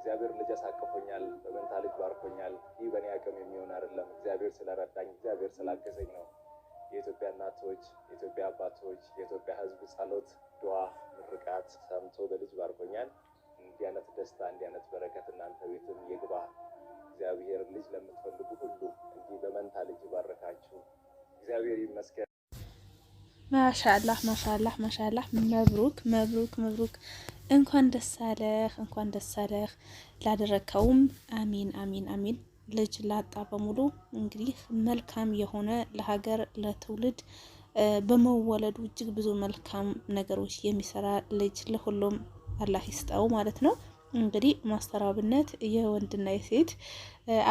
እግዚአብሔር ልጅ አሳቅፎኛል፣ በመንታ ልጅ ባርኮኛል። ይህ በእኔ አቅም የሚሆን አይደለም። እግዚአብሔር ስለረዳኝ፣ እግዚአብሔር ስላገዘኝ ነው። የኢትዮጵያ እናቶች፣ የኢትዮጵያ አባቶች፣ የኢትዮጵያ ሕዝብ ጸሎት፣ ድዋ፣ ምርቃት ሰምቶ በልጅ ባርኮኛል። እንዲህ አይነት ደስታ፣ እንዲህ አይነት በረከት እናንተ ቤትም ይግባ። እግዚአብሔር ልጅ ለምትፈልጉ ሁሉ እንዲህ በመንታ ልጅ ይባርካችሁ። እግዚአብሔር ይመስገን። ማሻላህ ማሻላህ ማሻላህ። መብሩክ መብሩክ መብሩክ። እንኳን ደስ አለህ፣ እንኳን ደስ አለህ። ላደረከውም አሚን፣ አሚን፣ አሚን። ልጅ ላጣ በሙሉ እንግዲህ መልካም የሆነ ለሀገር ለትውልድ በመወለዱ እጅግ ብዙ መልካም ነገሮች የሚሰራ ልጅ ለሁሉም አላህ ይስጠው ማለት ነው። እንግዲህ ማስተር አብነት የወንድና የሴት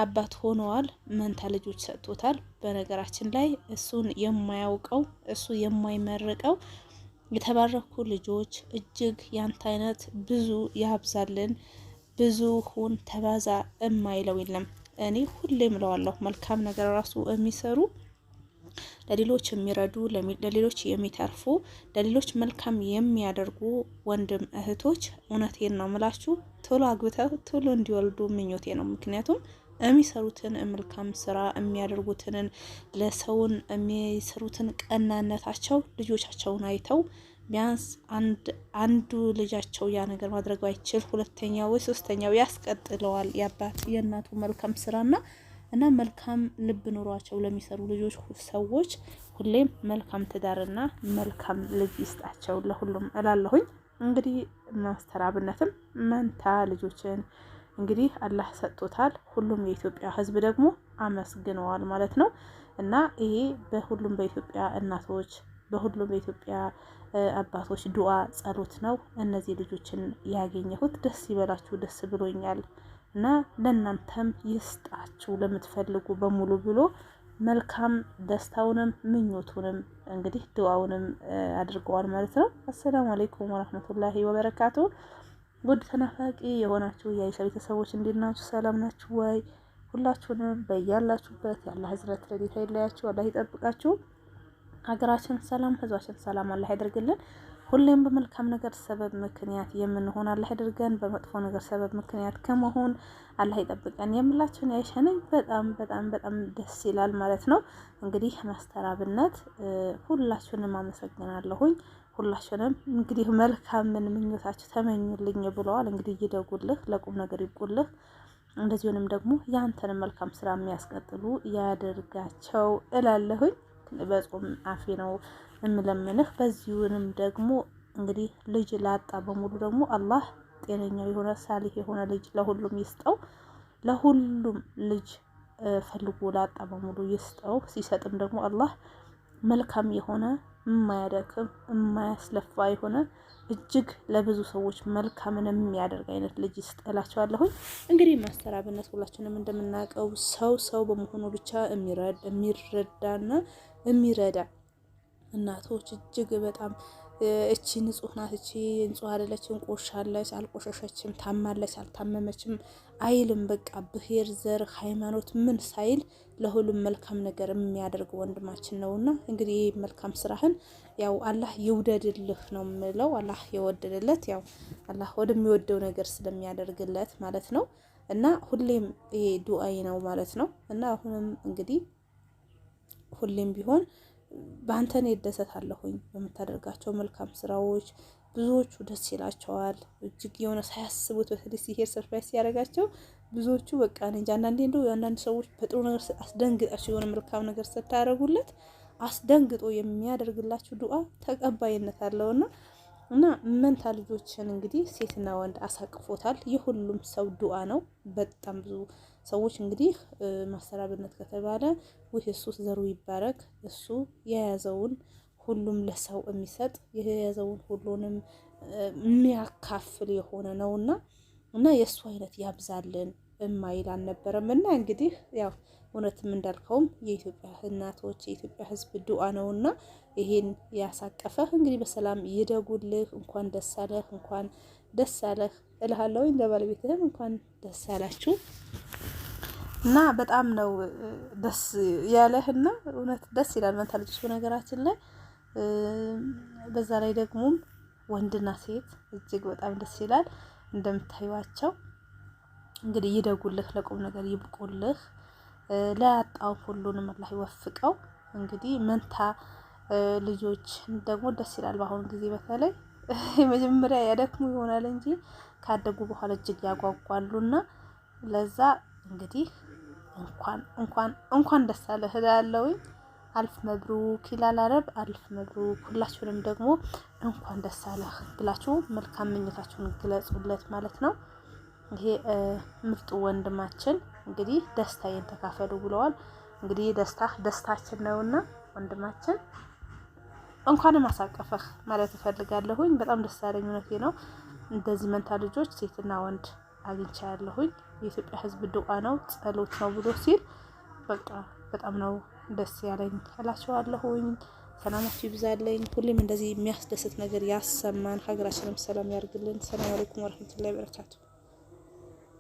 አባት ሆነዋል። መንታ ልጆች ሰጥቶታል። በነገራችን ላይ እሱን የማያውቀው እሱ የማይመርቀው የተባረኩ ልጆች እጅግ ያንተ አይነት ብዙ ያብዛልን፣ ብዙ ሁን ተባዛ እማይለው የለም። እኔ ሁሌም ምለዋለሁ። መልካም ነገር ራሱ የሚሰሩ ለሌሎች የሚረዱ ለሌሎች የሚተርፉ ለሌሎች መልካም የሚያደርጉ ወንድም እህቶች፣ እውነቴን ነው ምላችሁ ቶሎ አግብተው ቶሎ እንዲወልዱ ምኞቴ ነው። ምክንያቱም የሚሰሩትን መልካም ስራ የሚያደርጉትንን ለሰውን የሚሰሩትን ቀናነታቸው ልጆቻቸውን አይተው ቢያንስ አንዱ ልጃቸው ያ ነገር ማድረግ ባይችል ሁለተኛው ወይ ሶስተኛው ያስቀጥለዋል። የአባት የእናቱ መልካም ስራና እና መልካም ልብ ኑሯቸው ለሚሰሩ ልጆች ሰዎች ሁሌም መልካም ትዳርና መልካም ልጅ ይስጣቸው ለሁሉም እላለሁኝ። እንግዲህ ማስተር አብነትም መንታ ልጆችን እንግዲህ አላህ ሰጥቶታል። ሁሉም የኢትዮጵያ ህዝብ ደግሞ አመስግነዋል ማለት ነው እና ይሄ በሁሉም በኢትዮጵያ እናቶች በሁሉም በኢትዮጵያ አባቶች ዱዓ ጸሎት ነው እነዚህ ልጆችን ያገኘሁት። ደስ ይበላችሁ፣ ደስ ብሎኛል እና ለእናንተም ይስጣችሁ ለምትፈልጉ በሙሉ ብሎ መልካም ደስታውንም ምኞቱንም እንግዲህ ድዋውንም አድርገዋል ማለት ነው። አሰላሙ አሌይኩም ወረህመቱላሂ ወበረካቱሁ። ውድ ተናፋቂ የሆናችሁ የአይሻ ቤተሰቦች እንዴት ናችሁ? ሰላም ናችሁ ወይ? ሁላችሁንም በያላችሁበት የአላህ ህዝረት ረድኤት አይለያችሁ፣ አላህ ይጠብቃችሁ። ሀገራችን ሰላም፣ ህዝባችን ሰላም አላህ ያደርግልን። ሁሌም በመልካም ነገር ሰበብ ምክንያት የምንሆን አላህ ያደርገን። በመጥፎ ነገር ሰበብ ምክንያት ከመሆን አላህ ይጠብቀን። የምላችሁን ያይሸነኝ በጣም በጣም በጣም ደስ ይላል ማለት ነው። እንግዲህ ማስተራብነት ሁላችሁንም አመሰግናለሁኝ። ሁላችንም እንግዲህ መልካም ምን ምኞታችሁ ተመኙልኝ ብለዋል። እንግዲህ ይደጉልህ፣ ለቁም ነገር ይብቁልህ። እንደዚሁንም ደግሞ ያንተን መልካም ስራ የሚያስቀጥሉ ያደርጋቸው እላለሁኝ። በጾም አፌ ነው የምለምንህ። በዚሁንም ደግሞ እንግዲህ ልጅ ላጣ በሙሉ ደግሞ አላህ ጤነኛ የሆነ ሳሊህ የሆነ ልጅ ለሁሉም ይስጠው። ለሁሉም ልጅ ፈልጎ ላጣ በሙሉ ይስጠው። ሲሰጥም ደግሞ አላህ መልካም የሆነ የማያደክም የማያስለፋ የሆነ እጅግ ለብዙ ሰዎች መልካምን የሚያደርግ አይነት ልጅ ይስጠላቸዋለሁኝ። እንግዲህ ማስተር አብነት ሁላችንም እንደምናውቀው ሰው ሰው በመሆኑ ብቻ የሚረዳና የሚረዳ እናቶች እጅግ በጣም እቺ ንጹህ ናት፣ እቺ ንጹህ አይደለችም፣ ቆሻለች፣ አልቆሸሸችም፣ ታማለች፣ አልታመመችም አይልም። በቃ ብሄር ዘር፣ ሃይማኖት ምን ሳይል ለሁሉም መልካም ነገር የሚያደርግ ወንድማችን ነውና እንግዲህ ይህ መልካም ስራህን ያው አላህ ይውደድልህ ነው የምለው። አላህ የወደደለት ያው አላህ ወደሚወደው ነገር ስለሚያደርግለት ማለት ነው። እና ሁሌም ይሄ ዱአይ ነው ማለት ነው። እና አሁንም እንግዲህ ሁሌም ቢሆን በአንተን እኔ እደሰታለሁኝ። በምታደርጋቸው መልካም ስራዎች ብዙዎቹ ደስ ይላቸዋል። እጅግ የሆነ ሳያስቡት በተለይ ሲሄድ ሰርፕራይዝ ሲያደርጋቸው ብዙዎቹ በቃ እንጂ አንዳንዴ እንደው የአንዳንድ ሰዎች በጥሩ ነገር አስደንግጣቸው የሆነ መልካም ነገር ስታደርጉለት አስደንግጦ የሚያደርግላችሁ ዱዓ ተቀባይነት አለውና እና መንታ ልጆችን እንግዲህ ሴትና ወንድ አሳቅፎታል። የሁሉም ሰው ዱዓ ነው። በጣም ብዙ ሰዎች እንግዲህ ማሰራብነት ከተባለ ውህ እሱ ዘሩ ይባረክ እሱ የያዘውን ሁሉም ለሰው የሚሰጥ የያዘውን ሁሉንም የሚያካፍል የሆነ ነው እና እና የእሱ አይነት ያብዛልን እማይል አልነበረም። እና እንግዲህ ያው እውነትም እንዳልከውም የኢትዮጵያ እናቶች የኢትዮጵያ ሕዝብ ነው እና ይሄን ያሳቀፈህ እንግዲህ በሰላም ይደጉልህ። እንኳን ደስ አለህ፣ እንኳን ደስ አለህ እልሃለሁ። ለባለቤትህም እንኳን ደስ አላችሁ። እና በጣም ነው ደስ ያለህና እውነት ደስ ይላል። መንታ ልጆች በነገራችን ላይ በዛ ላይ ደግሞ ወንድና ሴት እጅግ በጣም ደስ ይላል። እንደምታዩቸው እንግዲህ ይደጉልህ፣ ለቁም ነገር ይብቁልህ፣ ለያጣው ሁሉንም አላህ ይወፍቀው። እንግዲህ መንታ ልጆች ደግሞ ደስ ይላል። በአሁኑ ጊዜ በተለይ የመጀመሪያ ያደክሙ ይሆናል እንጂ ካደጉ በኋላ እጅግ ያጓጓሉና ለዛ እንግዲህ እንኳን እንኳን እንኳን ደስ አለህ እላለሁኝ። አልፍ መብሩክ ይላል አረብ። አልፍ መብሩክ ሁላችሁንም ደግሞ እንኳን ደስ አለህ ብላችሁ መልካም ምኞታችሁን ግለጹለት ማለት ነው። ይሄ ምርጡ ወንድማችን እንግዲህ ደስታዬን ተካፈሉ ብለዋል። እንግዲህ ደስታ ደስታችን ነውና ወንድማችን እንኳንም አሳቀፈህ ማለት እፈልጋለሁኝ። በጣም ደስ ያለኝ እውነቴ ነው። እንደዚህ መንታ ልጆች ሴትና ወንድ አግኝቻ ያለሁኝ። የኢትዮጵያ ህዝብ ዱዓ ነው ጸሎት ነው ብሎ ሲል በቃ በጣም ነው ደስ ያለኝ እላቸዋለሁኝ። ሰላማችሁ ይብዛለኝ። ሁሌም እንደዚህ የሚያስደስት ነገር ያሰማን፣ ሀገራችንም ሰላም ያርግልን። ሰላም አለይኩም ወረህመቱላሂ ወበረካቱ